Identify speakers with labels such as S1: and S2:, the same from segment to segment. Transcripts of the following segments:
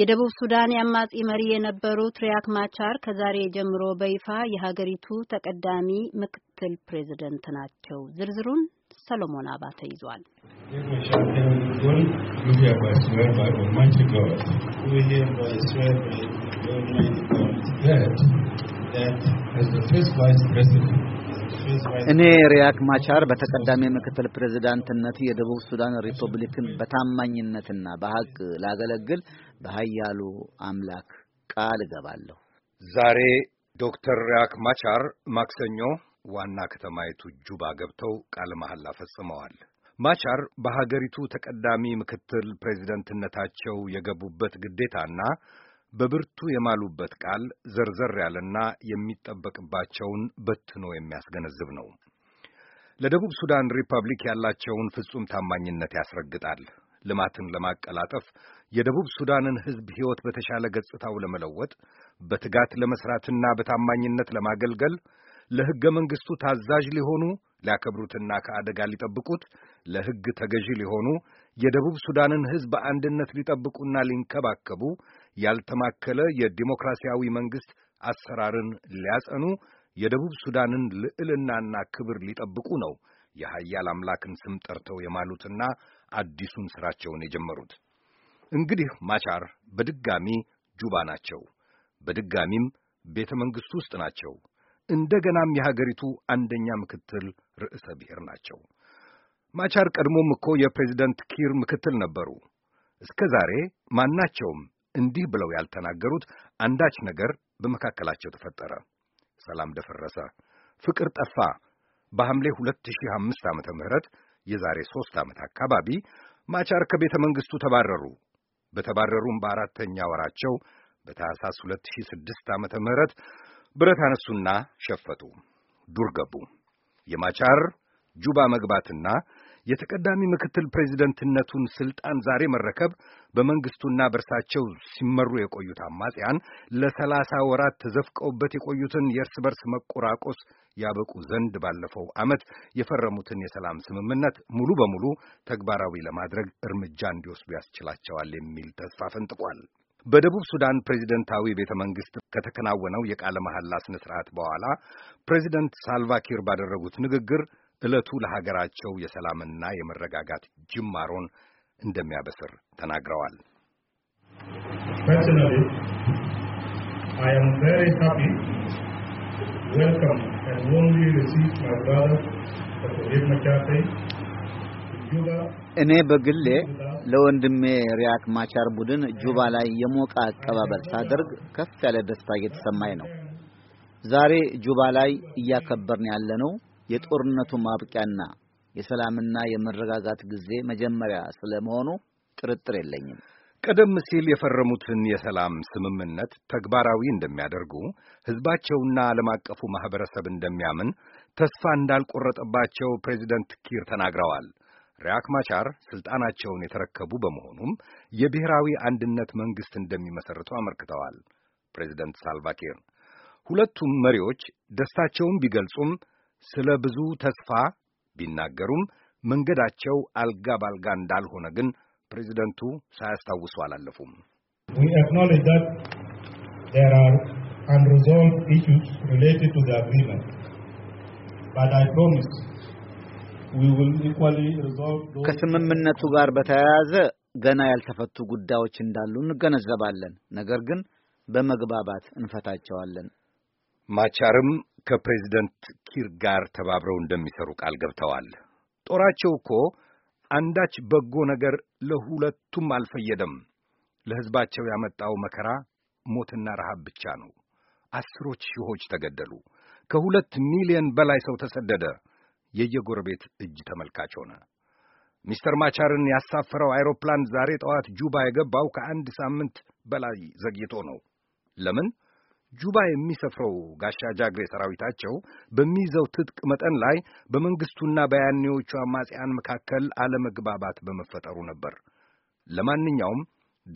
S1: የደቡብ ሱዳን የአማጺ መሪ የነበሩት ሪያክ ማቻር ከዛሬ ጀምሮ በይፋ የሀገሪቱ ተቀዳሚ ምክትል ፕሬዝደንት ናቸው። ዝርዝሩን ሰሎሞን አባተ ይዟል።
S2: That, as the first vice president እኔ
S1: ሪያክ ማቻር በተቀዳሚ ምክትል ፕሬዝዳንትነት የደቡብ ሱዳን ሪፐብሊክን በታማኝነትና በሀቅ ላገለግል በሀያሉ አምላክ ቃል እገባለሁ።
S2: ዛሬ ዶክተር ሪያክ ማቻር ማክሰኞ ዋና ከተማይቱ ጁባ ገብተው ቃለ መሐላ ፈጽመዋል። ማቻር በሀገሪቱ ተቀዳሚ ምክትል ፕሬዝደንትነታቸው የገቡበት ግዴታና በብርቱ የማሉበት ቃል ዘርዘር ያለና የሚጠበቅባቸውን በትኖ የሚያስገነዝብ ነው። ለደቡብ ሱዳን ሪፐብሊክ ያላቸውን ፍጹም ታማኝነት ያስረግጣል። ልማትን ለማቀላጠፍ የደቡብ ሱዳንን ሕዝብ ሕይወት በተሻለ ገጽታው ለመለወጥ በትጋት ለመስራትና በታማኝነት ለማገልገል ለሕገ መንግሥቱ ታዛዥ ሊሆኑ ሊያከብሩትና ከአደጋ ሊጠብቁት ለሕግ ተገዢ ሊሆኑ የደቡብ ሱዳንን ሕዝብ በአንድነት ሊጠብቁና ሊንከባከቡ ያልተማከለ የዲሞክራሲያዊ መንግሥት አሰራርን ሊያጸኑ የደቡብ ሱዳንን ልዕልናና ክብር ሊጠብቁ ነው የሀያል አምላክን ስም ጠርተው የማሉትና አዲሱን ሥራቸውን የጀመሩት። እንግዲህ ማቻር በድጋሚ ጁባ ናቸው። በድጋሚም ቤተ መንግሥቱ ውስጥ ናቸው። እንደገናም የሀገሪቱ አንደኛ ምክትል ርዕሰ ብሔር ናቸው። ማቻር ቀድሞም እኮ የፕሬዚደንት ኪር ምክትል ነበሩ። እስከ ዛሬ ማናቸውም እንዲህ ብለው ያልተናገሩት አንዳች ነገር በመካከላቸው ተፈጠረ። ሰላም ደፈረሰ፣ ፍቅር ጠፋ። በሐምሌ 2005 ዓመተ ምህረት የዛሬ ሦስት ዓመት አካባቢ ማቻር ከቤተ መንግሥቱ ተባረሩ። በተባረሩም በአራተኛ ወራቸው በታህሳስ 2006 ዓመተ ምህረት ብረት አነሱና ሸፈቱ፣ ዱር ገቡ። የማቻር ጁባ መግባትና የተቀዳሚ ምክትል ፕሬዚደንትነቱን ስልጣን ዛሬ መረከብ በመንግስቱና በእርሳቸው ሲመሩ የቆዩት አማጽያን ለሰላሳ ወራት ተዘፍቀውበት የቆዩትን የእርስ በርስ መቆራቆስ ያበቁ ዘንድ ባለፈው ዓመት የፈረሙትን የሰላም ስምምነት ሙሉ በሙሉ ተግባራዊ ለማድረግ እርምጃ እንዲወስዱ ያስችላቸዋል የሚል ተስፋ ፈንጥቋል። በደቡብ ሱዳን ፕሬዚደንታዊ ቤተ መንግስት ከተከናወነው የቃለ መሐላ ስነ ስርዓት በኋላ ፕሬዚደንት ሳልቫኪር ባደረጉት ንግግር ዕለቱ ለሀገራቸው የሰላምና የመረጋጋት ጅማሮን እንደሚያበስር ተናግረዋል።
S1: እኔ በግሌ ለወንድሜ ሪያክ ማቻር ቡድን ጁባ ላይ የሞቀ አቀባበል ሳደርግ ከፍ ያለ ደስታ እየተሰማኝ ነው። ዛሬ ጁባ ላይ እያከበርን ያለነው የጦርነቱ ማብቂያና የሰላምና የመረጋጋት ጊዜ መጀመሪያ ስለመሆኑ ጥርጥር የለኝም።
S2: ቀደም ሲል የፈረሙትን የሰላም ስምምነት ተግባራዊ እንደሚያደርጉ ሕዝባቸውና ዓለም አቀፉ ማኅበረሰብ እንደሚያምን ተስፋ እንዳልቆረጠባቸው ፕሬዚደንት ኪር ተናግረዋል። ሪያክ ማቻር ሥልጣናቸውን የተረከቡ በመሆኑም የብሔራዊ አንድነት መንግሥት እንደሚመሠርቱ አመልክተዋል። ፕሬዚደንት ሳልቫኪር ሁለቱም መሪዎች ደስታቸውን ቢገልጹም ስለ ብዙ ተስፋ ቢናገሩም መንገዳቸው አልጋ ባልጋ እንዳልሆነ ግን ፕሬዚደንቱ ሳያስታውሱ አላለፉም።
S1: ከስምምነቱ ጋር በተያያዘ ገና ያልተፈቱ ጉዳዮች እንዳሉ እንገነዘባለን። ነገር ግን በመግባባት እንፈታቸዋለን።
S2: ማቻርም ከፕሬዚደንት ኪር ጋር ተባብረው እንደሚሰሩ ቃል ገብተዋል። ጦራቸው እኮ አንዳች በጎ ነገር ለሁለቱም አልፈየደም። ለሕዝባቸው ያመጣው መከራ ሞትና ረሃብ ብቻ ነው። አስሮች ሺዎች ተገደሉ። ከሁለት ሚሊዮን በላይ ሰው ተሰደደ። የየጎረቤት እጅ ተመልካች ሆነ። ሚስተር ማቻርን ያሳፈረው አይሮፕላን ዛሬ ጠዋት ጁባ የገባው ከአንድ ሳምንት በላይ ዘግይቶ ነው። ለምን? ጁባ የሚሰፍረው ጋሻ ጃግሬ ሰራዊታቸው በሚይዘው ትጥቅ መጠን ላይ በመንግስቱና በያኔዎቹ አማጽያን መካከል አለመግባባት በመፈጠሩ ነበር። ለማንኛውም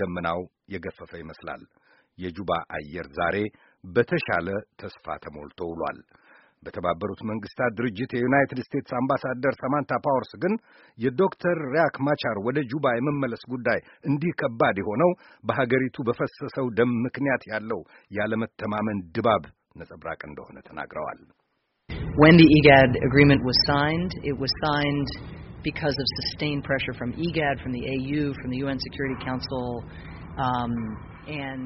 S2: ደመናው የገፈፈ ይመስላል። የጁባ አየር ዛሬ በተሻለ ተስፋ ተሞልቶ ውሏል። በተባበሩት መንግስታት ድርጅት የዩናይትድ ስቴትስ አምባሳደር ሰማንታ ፓወርስ ግን የዶክተር ሪያክ ማቻር ወደ ጁባ የመመለስ ጉዳይ እንዲህ ከባድ የሆነው በሀገሪቱ በፈሰሰው ደም ምክንያት ያለው ያለመተማመን ድባብ ነጸብራቅ እንደሆነ ተናግረዋል።
S1: When the IGAD e agreement was signed, it was signed because of sustained pressure from IGAD, e from the AU, from the UN Security Council Um,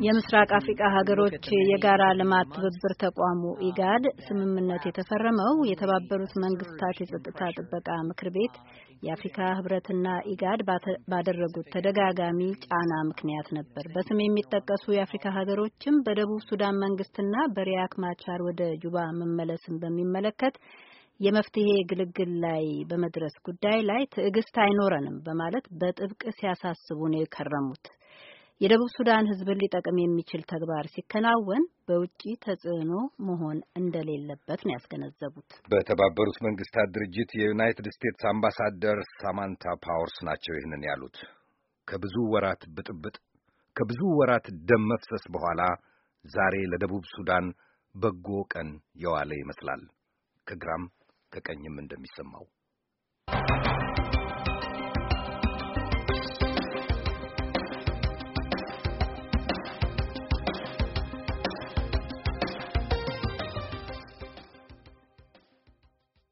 S1: የምስራቅ አፍሪካ ሀገሮች የጋራ ልማት ትብብር ተቋሙ ኢጋድ ስምምነት የተፈረመው የተባበሩት መንግስታት የጸጥታ ጥበቃ ምክር ቤት የአፍሪካ ህብረትና ኢጋድ ባደረጉት ተደጋጋሚ ጫና ምክንያት ነበር። በስም የሚጠቀሱ የአፍሪካ ሀገሮችም በደቡብ ሱዳን መንግስትና በሪያክ ማቻር ወደ ጁባ መመለስን በሚመለከት የመፍትሄ ግልግል ላይ በመድረስ ጉዳይ ላይ ትዕግስት አይኖረንም በማለት በጥብቅ ሲያሳስቡ ነው የከረሙት። የደቡብ ሱዳን ህዝብ ሊጠቅም የሚችል ተግባር ሲከናወን በውጭ ተጽዕኖ መሆን እንደሌለበት ነው ያስገነዘቡት።
S2: በተባበሩት መንግስታት ድርጅት የዩናይትድ ስቴትስ አምባሳደር ሳማንታ ፓወርስ ናቸው ይህንን ያሉት። ከብዙ ወራት ብጥብጥ፣ ከብዙ ወራት ደም መፍሰስ በኋላ ዛሬ ለደቡብ ሱዳን በጎ ቀን የዋለ ይመስላል ከግራም ከቀኝም እንደሚሰማው